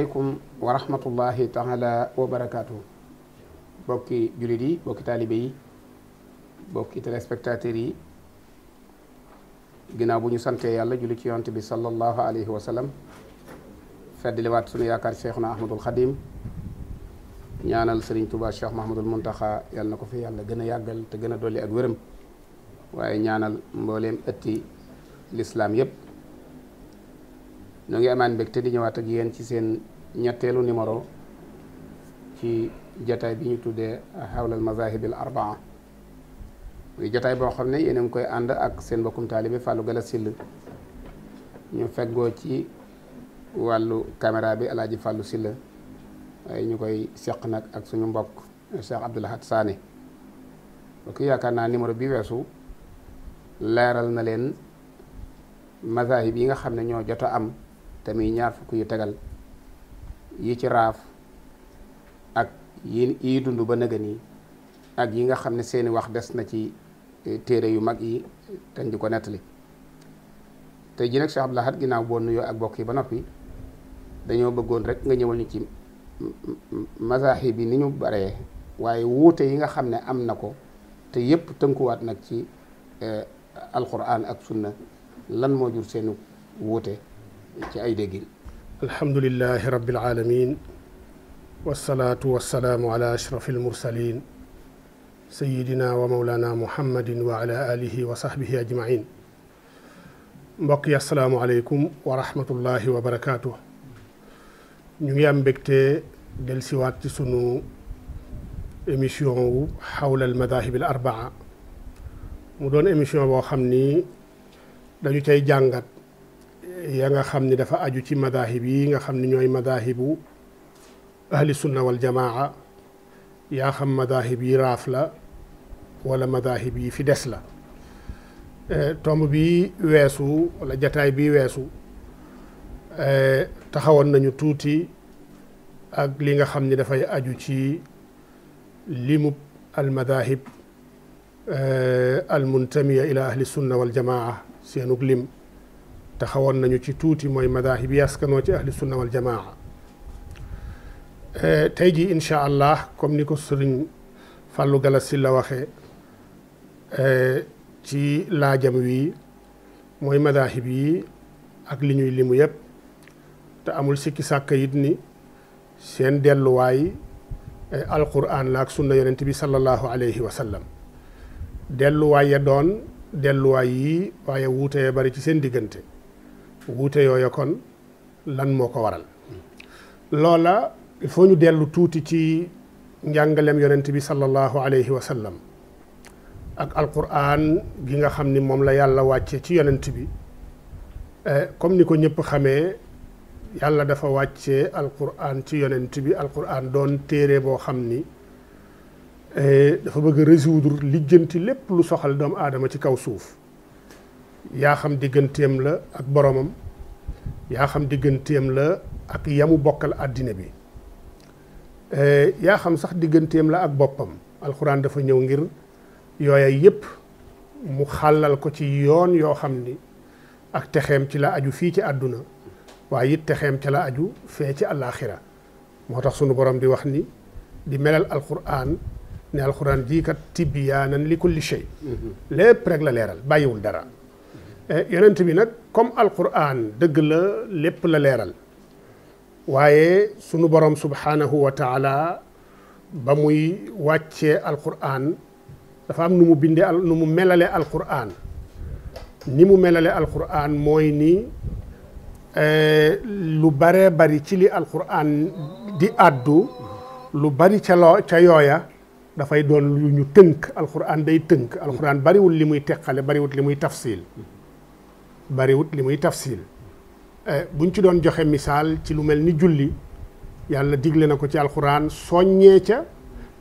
aleykum wa rahmatullahi taala wa barakaatu. bokki jullit yi bokki taalibe yi bokki téléspectateurs yi ginnaaw bu ñu santee yàlla julli ci yonte bi sallallahu alayhi wa sallam feddliwaat sunu yaakaar cheikhuna ahmadul xadim ñaanal sëriñ Touba Cheikh Mahmadul Muntaxa yàlla na ko fi yàlla gën a yàggal te gën a dolli ak wërëm waaye ñaanal mbooleem ëtti lislaam yépp ñu ngi amaan mbégte di ñëwaat ak yéen ci seen ñetteelu numéro ci jataay bi ñu tuddee hawlal mazahibil arbaa muy jataay boo xam ne yéen a ngi koy ànd ak seen mbokkum taalibe Fallou Gala Sill ñu feggoo ci wàllu caméra bi alaaji Fallou Sill waaye ñu koy seq nag ak suñu mbokk Cheikh Abdoul Ahad Sané bokk yaakaar naa numéro bi weesu laaral na leen mazahib yi nga xam ne ñoo jot am tamit muy ñaar fukk yu tegal yi ci raaf ak yi yi dund ba nëga nii ak yi nga xam ne seeni wax des na ci eh, téere yu mag yi te di ko nettali tey jii nag Cheikh Abdou Lahad boo nuyoo ak bokk yi ba noppi dañoo bëggoon rek nga ñëwal ñu ci mazahib bi ni ñu baree waaye wuute yi nga xam ne am na ko te yépp tënkuwaat nag ci eh, alquran ak sunna lan moo jur seenu wuute ci ay déggin alhamdulilahi rabbil aalamiin wasalaatu wasalaamu ala ashrafil mursaliin sayyidina wa mawlaanaa muhammadin wa ala aalihi wa sahbihi ajmaïn mbokk yi asalaamualeykum wa rahmatullahi wa barakaatu. ñu ngi am mbégte dellusiwaat ci sunu émission wu xawla al madahib al arbaa mu doon émission boo xam ni dañu cay jàngat. ya nga xam ni dafa aju ci madaahib yi nga xam ni ñooy madaahibu ahli sunna wal jamaa yaa xam madaahib yi raaf la wala madaahib yi fi des la eh, tomb bi weesu walla jataay bi weesu eh, taxawoon nañu tuuti ak li nga xam ni dafay aju ci limub al madaahib eh, al muntamiya ila ahli sunna wal jamaa lim te xawoon nañu ci tuuti mooy madaahib yi askanoo ci ahli sunna wal jamaa eh, tey jii incha allah comme ni ko sëriñ Fallou Galassi la waxe eh, ci laajam wi mooy madaahib yi ak li ñuy limu yépp te amul sikki sàkk yit ni seen delluwaay eh, alquran la ak sunna yonent bi sallallahu alayhi wa sallam delluwaay ya doon delluwaay yi waaye wuutee bari ci seen diggante wuute yooyu kon lan moo ko waral loola il ñu dellu tuuti ci njàngalem yonent bi sallallahu alayhi wa ak ak alquran gi nga xam ni moom la yàlla wàcce ci yonent bi eh, comme ni ko ñëpp xamee yàlla dafa wàcce alquran ci yonent bi alquran doon téere boo xam ni eh, dafa bëgg résoudre lijjanti lépp lu soxal doomu aadama ci kaw suuf yaa xam digganteem la ak boromam yaa xam digganteem la ak yamu bokkal àddina bi eh, yaa xam sax digganteem la ak boppam alxuraan dafa ñëw ngir yooya yépp mu xàllal ko ci yoon yoo xam ni ak texeem ci la aju fii ci àdduna waaye it texeem ci la aju fee ci àllaaxira moo tax sunu borom di wax ni di melal alxuraan ne alxuraan jii kat tibyaanan li kulli shay mm-hmm. lépp rek la leeral bàyyiwul dara Eh, yonent bi nag comme alquran dëgg la lépp la leeral waaye sunu borom subhanahu wa taala ba muy wàccee alquran dafa am nu mu bindee al nu mu melale alquran ni mu melale alquran mooy nii eh, lu bare bari ci li alquran di àddu lu bari ca loo ca yooya dafay doon lu ñu tënk alquran day tënk alquran bariwul li muy teqale bariwul li muy tafsil bariwut li muy tafsil eh, buñ ci doon joxe misaal ci lu mel ni julli yàlla digle na ko ci alxuraan soññee ca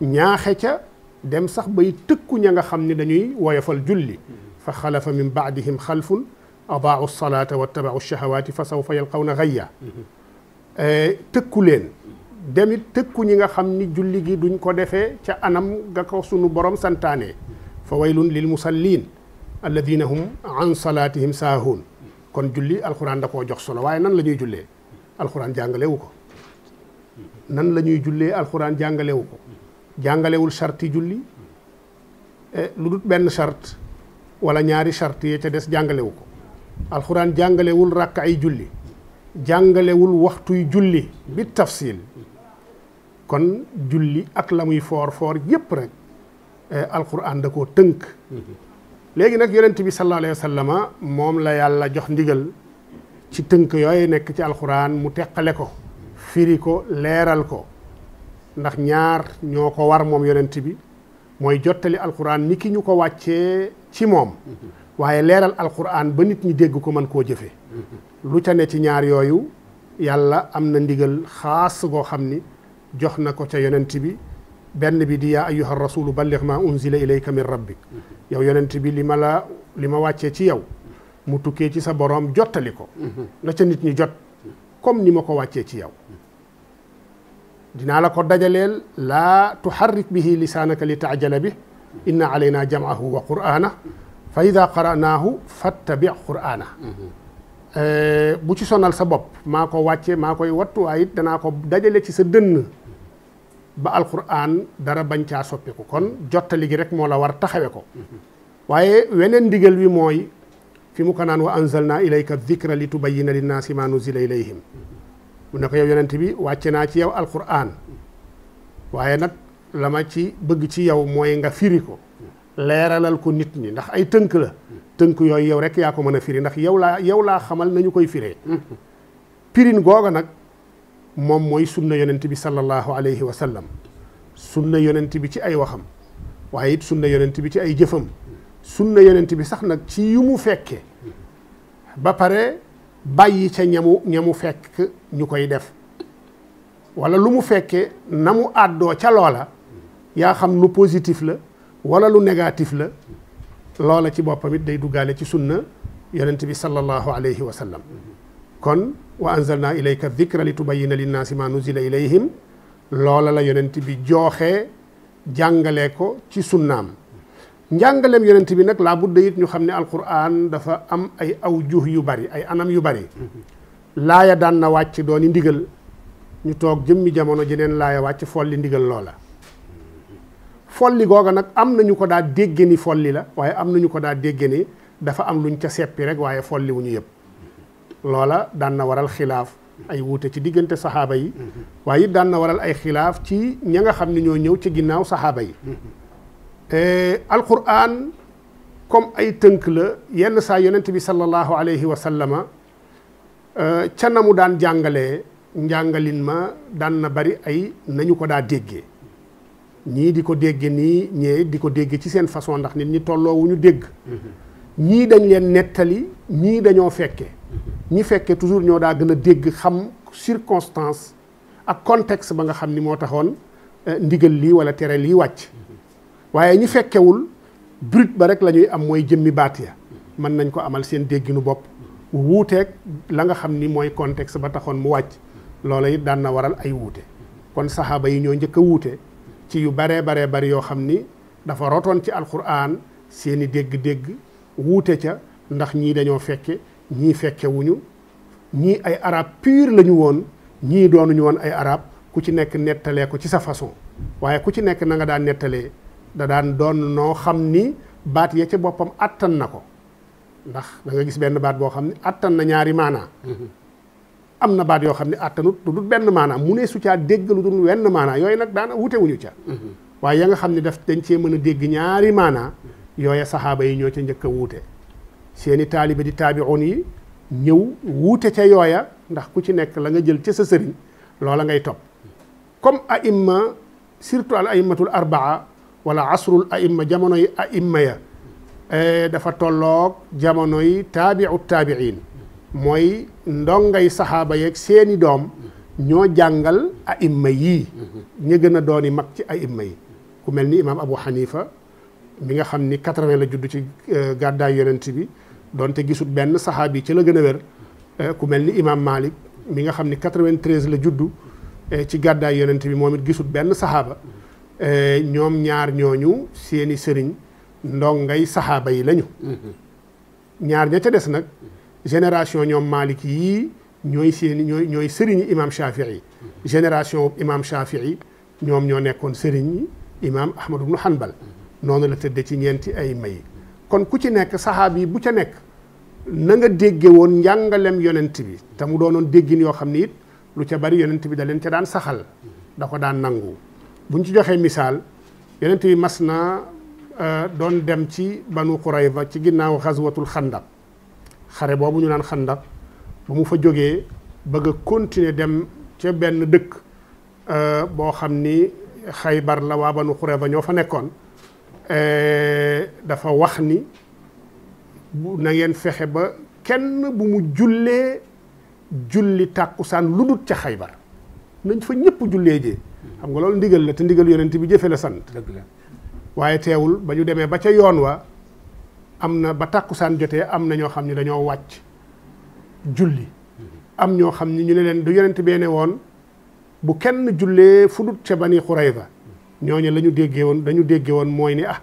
ñaaxe ca dem sax ba bay tëkku ña nga xam ni dañuy woyofal julli fa xalafa min baadihim xalfun adaau salaata wattabaau shahawaati fa sawfa yalqawna gayya eh, tëkku leen demit tëkku ñi nga xam ni julli gi duñ ko defee ca anam nga ko sunu borom santaane fa waylun lil musallin alladina hum an salaatihim saahuun kon julli alxuraan da jox solo waaye nan la ñuy jullee alxuraan jàngalewu ko nan lañuy ñuy jullee alxuraan jàngalewu ko jàngalewul sarti julli eh, lu dut benn sart wala ñaari sart yee ca des jàngalewu ko alxuraan jàngalewul ràkk ay julli jàngalewul waxtuy julli bi tafsil kon julli ak la muy foor foor yépp rek eh, alxuraan da tënk mm-hmm. léegi nag yonent bi sallallahu alayhi wa moom la yàlla jox ndigal ci tënk yooyu nekk ci alxuraan mu teqale ko firi ko leeral ko ndax ñaar ñoo ko war moom yonent bi mooy jottali alxuraan ni ki ñu ko wàccee ci moom waaye leeral alxuraan ba nit ñi dégg ko mën koo jëfe lu ca ne ci ñaar yooyu yàlla am na ndigal xaas goo xam ni jox na ko ca yonent bi benn bi di yaa ayyuha rasulu balligh ma unzila ilayka min rabbik yow yonent bi li ma la li ma wàccee ci yow mu tukkee ci sa boroom jottali ko na ca nit ñi jot comme ni ma ko wàccee ci yow dinaa la ko dajaleel laa tuharrik bihi lisaanaka li taajala bi inna alaynaa jam'ahu wa qur'aana fa ida qara'naahu fattabi' qur'aana eh, bu ci sonal sa bopp maa ko wàccee maa koy wattu waaye danaa ko dajale ci sa dënn ba alquran dara bañ caa soppiku kon jottali gi rek moo la war taxawe ko waaye weneen ndigal wi mooy fi mu ko naan wa anzalna ilayka dikra li tubayina linnaasi ma nuzila ilayhim mu ne ko yow yonent bi wàcce naa ci yaw alquran waaye nag la ma ci bëgg ci yow mooy nga firi ko leeralal ko nit ñi ndax ay tënk la tënk yooyu yow rek yaa ko mën a firi ndax yow laa yow laa xamal nañu koy firee pirin mm-hmm. googa nag moom mooy sunna yonent bi sallallahu alayhi wa sallam sunna yonent bi ci ay waxam waaye it sunna yonent bi ci ay jëfam sunna yonent bi sax nag ci yu mu fekke ba pare bàyyi ca ñamu ñamu fekk ñu koy def wala lu mu fekkee na mu àddoo ca loola yaa xam lu positif la wala lu negatif la loola ci boppamit day duggaale ci sunna yonent bi sallallahu alayhi wa kon wa anzalna ilayka dikra li tubayina linnaasi ma la ilayhim loola la yonent bi jooxe jàngale ko ci sunnaam njàngaleem yonent bi nag laa budda it ñu xam ne alquran dafa am ay aw juh yu bari ay anam yu bari laaya daan na wàcc dooni ndigal ñu toog jëmmi jamono jeneen laaya wàcc folli ndigal loola folli googa nag am nañu ko daa dégge ni folli la waaye am nañu ko daa dégge ni dafa am luñ ca seppi rek waaye folli wu ñu yëpp loola daan na waral xilaaf ay wuute ci diggante saxaaba yi waaye it daan na waral ay xilaaf ci ña nga xam ne ñoo ñëw ci ginnaaw saxaaba yi e, alquran comme ay tënk la yenn saa yonent bi sallallahu alayhi wa sallama e, ca na mu daan jàngalee njàngalin ma daan na bari ay nañu ko daa déggee ñii di ko dégge nii ñee di ko dégge ci seen façon ndax nit ñi tolloowuñu dégg mm-hmm. ñii dañ leen nettali ñii dañoo fekke ñi fekkee toujours ñoo daa gën a dégg xam circonstance ak contexte ba nga xam ni moo taxoon euh, ndigal lii wala tere lii wàcc waaye ñi fekkewul brut ba rek la ñuy am mooy jëmmi baat ya mën nañ ko amal seen dégginu bopp wuuteeg la nga xam ni mooy contexte ba taxoon mu wàcc loola it daan na waral ay wuute kon saxaaba yi ñoo njëkk a wuute ci yu baree baree bari yoo xam ni dafa rotoon ci alquran seeni dégg-dégg wuute ca ndax ñii dañoo fekke ñii fekkewuñu ñii ay arab pur lañu woon ñii doonuñu woon ay arab ku ci nekk nettalee ko ci sa façon waaye ku ci nekk na nga daan nettalee da daan doon noo xam ni baat ya ca boppam attan na ko ndax da nga gis benn baat boo xam ne attan na ñaari maanaa mm-hmm. na baat yoo xam ne attanut lu dul benn maanaa mu ne su caa dégg lu dul wenn maanaa yooyu nag daana wute wuñu ca mm-hmm. waaye ya nga xam ne daf dañ cee mën a dégg ñaari maanaa yooya saxaaba yi ñoo ca njëkk a wuute seeni taalibe di taabi'un yi ñëw wuute ca yooya ndax ku ci nekk la nga jël ca sa sëriñ loola ngay topp comme aimma surtout al aimatul arbaa wala asrul aimma jamono yi aimma ya eh, dafa tolloog jamono yi taabi'u taabi'in mooy ndongay saxaaba yeeg seeni doom ñoo jàngal aimma yii ñu gën a dooni mag ci aimma yi ku mel ni imaam Abu Hanifa mi nga xam ni 80 la judd ci eh, gàddaay yonent bi donte gisul benn saxaabi ci la gën a wér eh, ku mel ni imaam Malik mi nga xam ni 93 la juddu eh, ci gàddaay yonent bi moom it gisul benn saxaaba eh, ñoom ñaar ñooñu seeni sëriñ ndongay saxaaba yi lañu. Mm-hmm. ñaar ña ca des nag génération ñoom Malik yii ñooy seeni ñooy ñooy sëriñi imaam Shafii mm-hmm. génération imaam Shafii ñoom ñoo nekkoon sëriñi imaam Ahmad ibnu Hanbal mm-hmm. noonu la tëdde ci ñeenti ay may. kon ku ci nekk saxaaba yi bu ca nekk na nga dégge woon njàngalem yonent bi te mu doonoon déggin yoo xam ni it lu ca bari yonent bi da leen ca daan saxal da daan nangu buñ ci joxee misaal yonent bi mas na euh, doon dem ci banu Qurayza ci ginnaaw xaswatul xandak xare boobu ñu naan xandak ba mu fa jógee bëgg continuer dem ca benn dëkk euh, boo xam ni xay bar la waa banu Qurayza ñoo fa nekkoon Eh, dafa wax ni bu na ngeen fexe ba kenn bu mu jullee julli tàkkusaan lu dut ca xaybar nañ fa ñëpp jullee jee xam nga loolu ndigal la te ndigal yonent bi jëfe la sant waaye teewul ba ñu demee ba ca yoon wa am na ba tàkkusaan jotee am na ñoo xam ne dañoo wàcc julli am ñoo xam ne ñu ne leen du yonent bee ne woon bu kenn jullee fu dut ca bani xurayza ñooñu la ñu déggee woon dañu déggee woon mooy ni ah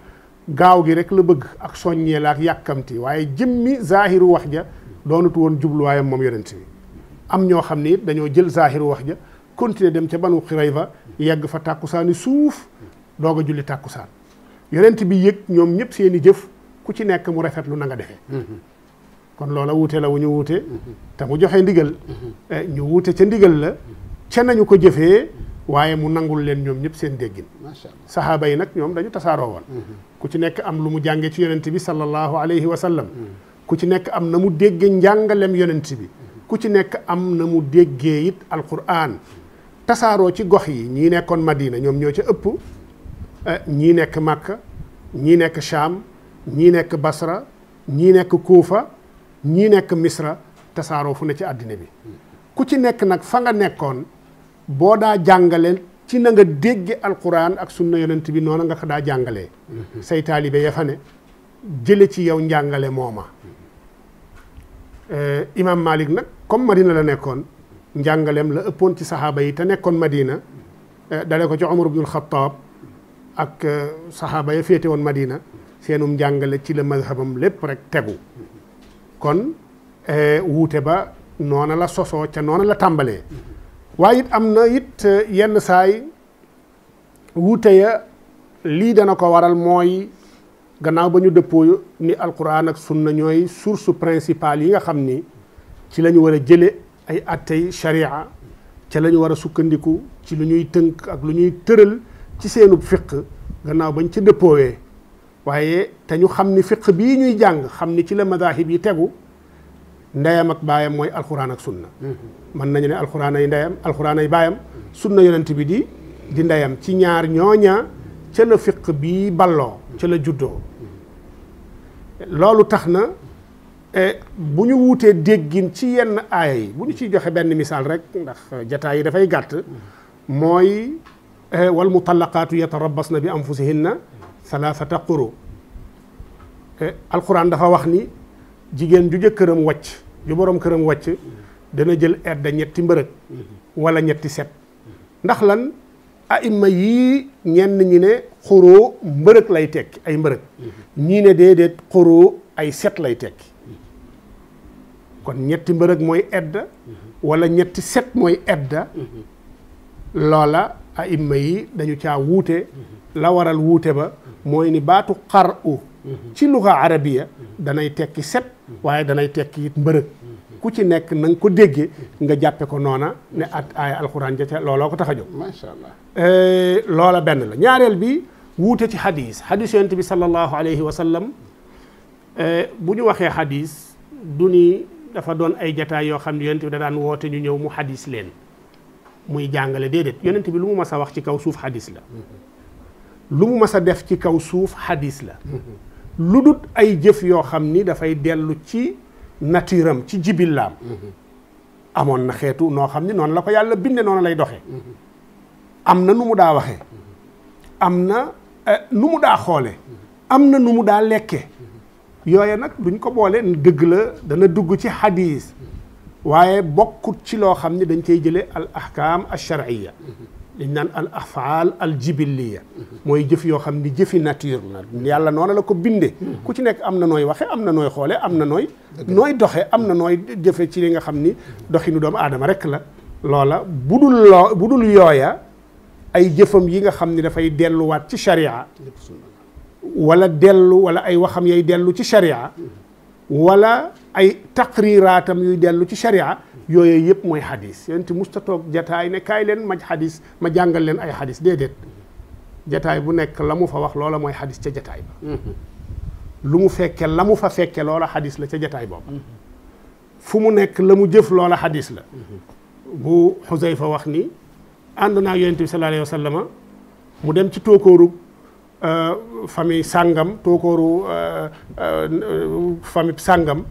gaaw gi rek la bëgg ak soññee la ak yàkkamti waaye jëmmi zaahiru wax ja doonut woon jubluwaayam moom yonent bi am ñoo xam ne it dañoo jël zaahiru wax ja continuer dem ca banu xurayfa yegg fa tàkkusaani suuf doog a julli tàkkusaan yonent bi yëg ñoom ñëpp seen i jëf ku ci nekk mu rafet lu nanga defee kon loola wuute la wu ñu wuute te mu joxe ndigal mm-hmm. eh, ñu wuute ca ndigal la ca nañu ko jëfee waaye mu nangul leen ñoom ñëpp seen déggin sahaaba yi nag ñoom dañu tasaaroo woon mm-hmm. ku ci nekk am lu mu jàngee ci yonent bi sallallahu alayhi wa sallam mm-hmm. ku ci nekk am na mu déggee njàngalem yonent bi ku ci nekk am na mu déggee it alquran tasaaroo ci gox yi ñii nekkoon Madina ñoom ñoo ca ëpp eh, ñii nekk Makka ñii nekk Sham ñii nekk Basra ñii nekk Kuufa ñii nekk Misra tasaaroo fu ne ci àddina bi mm-hmm. ku ci nekk nag fa nga nekkoon boo daa jàngaleel ci nanga dégge alquran ak sunna yonent bi noonu nga ko daa jàngale mhm. say taalibe ya fa ne jële ci yow njàngale mooma eh, imam malik nag comme madina la nekkoon njàngaleem la ëppoon ci saxaaba yi te nekkoon madina eh, dale ko ci omar ibnul xataab ak eh, saxaaba ya féete woon madina seenum njàngale ci la mazhabam lépp rek tegu kon wuute ba noona la sosoo ca noona la tàmbalee waaye it am na it eh, yenn saay wuute ya lii dana ko waral mooy gannaaw ba ñu dëppoo ni alquran ak sunna ñooy source principale yi nga xam ni ci lañu ñu war a jële ay attey sharia ca la ñu war a sukkandiku ci lu ñuy tënk ak lu ñuy tëral ci seenub fiq gannaaw bañ ci dëppoowee waaye te ñu xam ni fiq bii ñuy jàng xam ni ci la madahib yi tegu ndeyam ak baayam mooy alquran ak sunna mm-hmm. mën nañu ne alxuraan ay ndeyam alxuraana ay baayam sunna yonent bi di di ndeyam ci ñaar ñooña ca la fiq bi balloo ca la juddoo loolu tax na e, bu ñu wuutee déggin ci yenn aaya yi bu ñu ci joxe benn misaal rek ndax jataay yi dafay gàtt mooy e, wal mutallaqaatu yatarabbasna bi anfusihinna thalathata quru e, alxuraan dafa wax ni jigéen ju jëkkëram wàcc ju borom këram wàcc dana jël edda ñetti mbërëg mhm. wala ñetti set mhm. ndax lan aima yii ñenn ñi ne xuroo mbërëg lay tekki ay mbërëg mhm. ñii ne déedéet xuroo ay set lay tekki kon ñetti mbërëg mooy edda wala ñetti set mooy edda loola aima yi dañu caa wuute la waral wuute ba mooy ni baatu xar u ci luxa arabiya danay tekki set waaye danay tekki it mbërëg ku ci nekk na nga ko déggee nga jàppe ko noona ne at aaya alxuraan ja ca looloo ko tax a jóg macha allah eh, loola benn la ñaareel bi wuute ci xadiis xadis yonent bi sallallahu alayhi wa sallam eh, bu ñu waxee xadiis du ni dafa doon ay jataay yoo xam ne yonent bi da daan woote ñu ñëw mu xadis leen muy jàngale déedéet yonent bi lu mu mas a wax ci kaw suuf xadis la lu a def ci kaw suuf xadis la mm-hmm. lu dut ay jëf yoo xam ni dafay dellu ci nature am ci jibillaam amoon na xeetu noo xam ne noonu la ko yàlla binde noonu lay doxe am na nu mu daa waxe am na eh, nu mu daa xoole am na nu mu daa lekke yooye nag duñ ko boole dëgg la dana dugg ci xadiis waaye bokkut ci loo xam ne dañ cey jële al ahkaam al sharciya liñ naan al afaal al jibiliya mooy jëf yoo xam ni jëfi nature la yàlla noonu la ko bindee ku ci nekk am na nooy waxe am na nooy xoole am na nooy nooy doxe am na nooy jëfe ci li nga xam ni doxinu doomu aadama rek la loola bu dul loo bu dul yooya ay jëfam yi nga xam ni dafay delluwaat ci sharia wala dellu wala ay waxam yay dellu ci sharia wala ay taqriraatam yuy dellu ci sharia yooyu yëpp mooy xadis yonent musta toog jataay ne kaay leen ma xadis ma jàngal leen ay xadis déedéet jataay bu nekk la mu fa wax loola mooy xadis ca jataay ba mm-hmm. lu mu fekke la mu fa fekke loola xadis la ca jataay booba fu mu nekk la mu jëf loola xadis la mm-hmm. bu Xusayfa wax ni ànd naa yonent bi sallallahu mu dem ci tookóorub Euh, famille sàngam tookooru euh, euh, famille sàngam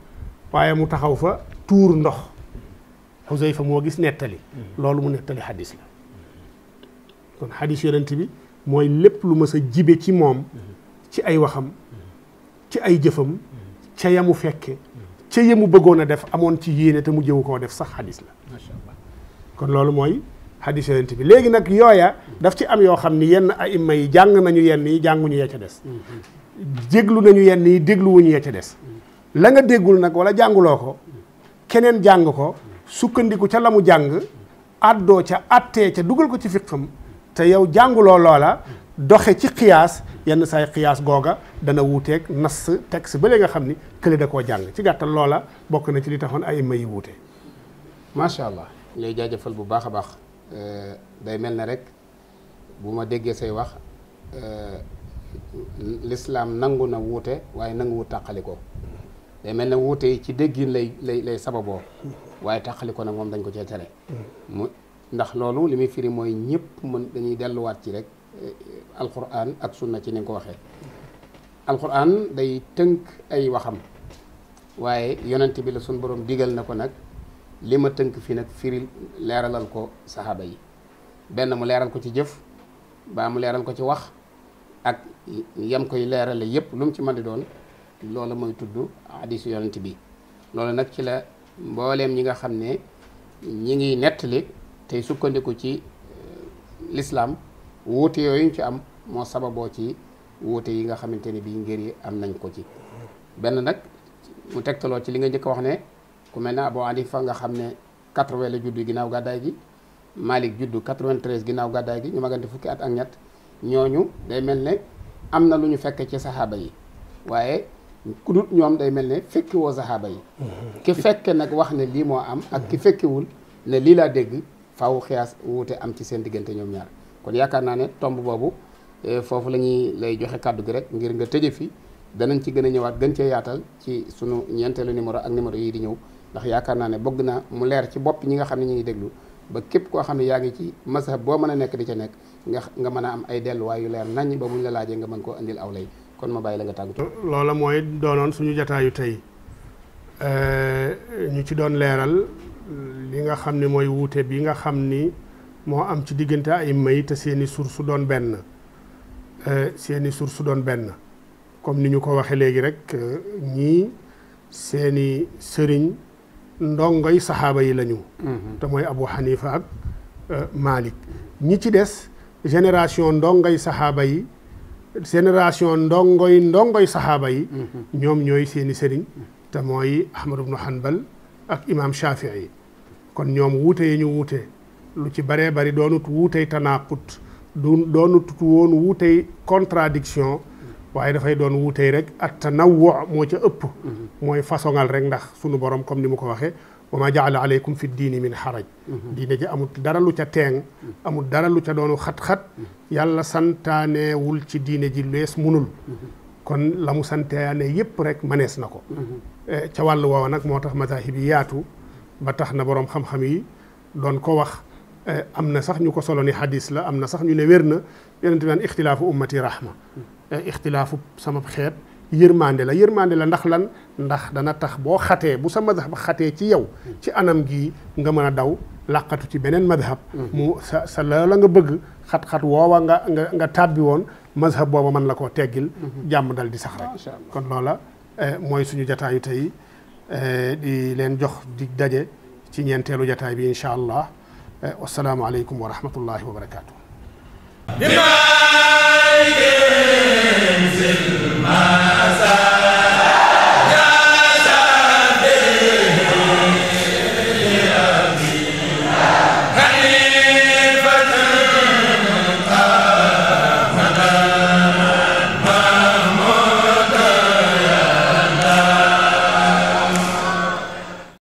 waaye mu taxaw fa tuur ndox Xuseyfa moo gis nettali mm. loolu mu nettali xadis la kon xadis yonent bi mooy lépp lu mës a jibe ci moom mm. ci ay waxam mm. ci ay jëfam ca yamu fekke ca yamu bëggoon a def amoon ci yéene te mu jëwu koo def sax xadis la kon loolu mooy xadis yonent bi léegi nag yooya daf ci am yoo xam ni yenn aima yi jàng nañu yenn yi jàngu ya ca des déglu nañu yenn yi dégluwuñu ya ca des la nga déggul nag wala jànguloo ko keneen jàng ko sukkandiku ca la mu jàng àddoo ca àttee ca dugal ko ci fiqam te yow jànguloo loola doxe ci xiyaas yenn saay xiyaas googa dana wuuteeg nas teg si ba nga xam ni kële da koo jàng ci gàttal loola bokk na ci li taxoon aima yi wuute macha allah lay jaajëfal bu baax a baax Euh, day mel ne rek bu ma déggee say wax euh, lislaam nangu na wuute waaye nanguwu tàqali ko day mel ne wuute yi ci déggin lay lay lay sababoo waaye tàqali ko nag moom dañ ko cee tere mu ndax loolu li muy firi mooy ñëpp mën dañuy delluwaat ci rek euh, alquran ak sunna ci ni nga ko waxee alquran day tënk ay waxam waaye yonent bi la sun borom digal na ko nag li ma tënk fii nag firi leeralal ko saxaaba yi benn mu leeral ko ci jëf baa mu leeral ko ci wax ak yam koy leerale yépp lu mu ci mën di doon loola mooy tudd hadisu yonent bi loolu nag ci la mbooleem ñi nga xam ne ñi ngi nettali tey sukkandiku ci euh, lislaam wuute yooyu ñu ci am moo sababoo ci wuute yi nga xamante ni bii ngir yi am nañ ko ci benn nag mu tegtaloo ci li nga njëkk wax ne ku mel ne Abu fa nga xam ne 80 la juddu ginnaaw gàddaay gi Malik juddu 93 ginnaaw gàddaay gi ñu magante fukki at ak ñett ñooñu day mel ne am na lu ñu fekk ci saxaaba yi waaye ku dut ñoom day mel ne fekki woo saxaaba yi mhm. ki fekke nag wax ne lii moo am ak ki fekkiwul ne lii laa dégg faaw xiyaas wuute am ci seen diggante ñoom ñaar kon yaakaar naa ne tomb boobu eh, foofu la ñuy lay joxe kàddu gi rek ngir nga tëje fi danañ ci gën a ñëwaat gën cee yaatal ci sunu ñeenteelu numéro ak numéro yi di ñëw ndax yaakaar naa ne bëgg na mu leer ci bopp ñi nga xam ne ñu ngi déglu ba képp koo xam ne yaa ngi ci mazhab boo mën a nekk di ca nekk nga nga mën a am ay delluwaay yu leer nañ ba muñ la laajee mën koo indil aw lay kon ma bàyyi la nga tàggatoo. loola mooy doonoon suñu jataayu tey euh, ñu ci doon leeral li nga xam ne mooy wuute bi nga xam ni moo am ci diggante ay may te seeni su doon benn euh, seeni su doon benn comme ni ñu ko waxee léegi rek euh, ñii seeni sëriñ. ndongoy saxaaba yi lañu mm-hmm. te mooy Abu Hanifa ak euh, Malik ñi ci des génération ndongoy saxaaba yi génération ndongoy ndongoy saxaaba yi mm-hmm. ñoom ñooy seeni sëriñ te mooy Ahmad ibnu Hanbal ak imam yi kon ñoom wuute yi ñu wuute lu ci baree bari doonut wuutey tanaaqut du doonut woon wuutey contradiction waaye dafay doon wuutey rek at tanawwu moo ca ëpp mhm. mooy façonal rek ndax sunu borom comme ni mu ko waxee wa ma jaala aleykum fi diini min xaraj mhm. diine ji amul dara lu ca teeng mhm. amul dara lu ca doonu xat-xat yàlla santaanewul ci diine ji lees munul kon la mu santaane yépp rek manees na ko eh, ca wàll woowa nag moo tax mazahib yi yaatu ba tax na boroom xam-xam yi doon ko wax eh, am na sax ñu ko solo ni hadis la am na sax ñu ne wér na yonent bi naan ixtilaafu ixtilaafu sama xeet yërmande la yërmande la ndax lan ndax dana tax boo xatee bu sa madhab xatee ci yow ci anam gi nga mën a daw làqatu ci beneen madhab mu sa sa loola nga bëgg xat-xat woowa nga nga nga tàbbi woon mazhab booba mën la koo teggil mhm. jàmm dal di sax rek kon loola eh, mooy suñu jataayu tey eh, di leen jox di daje ci ñeenteelu jataay bi incha allah eh, wasalaamualeykum wa rahmatullahi wa barakaatu. انزل ما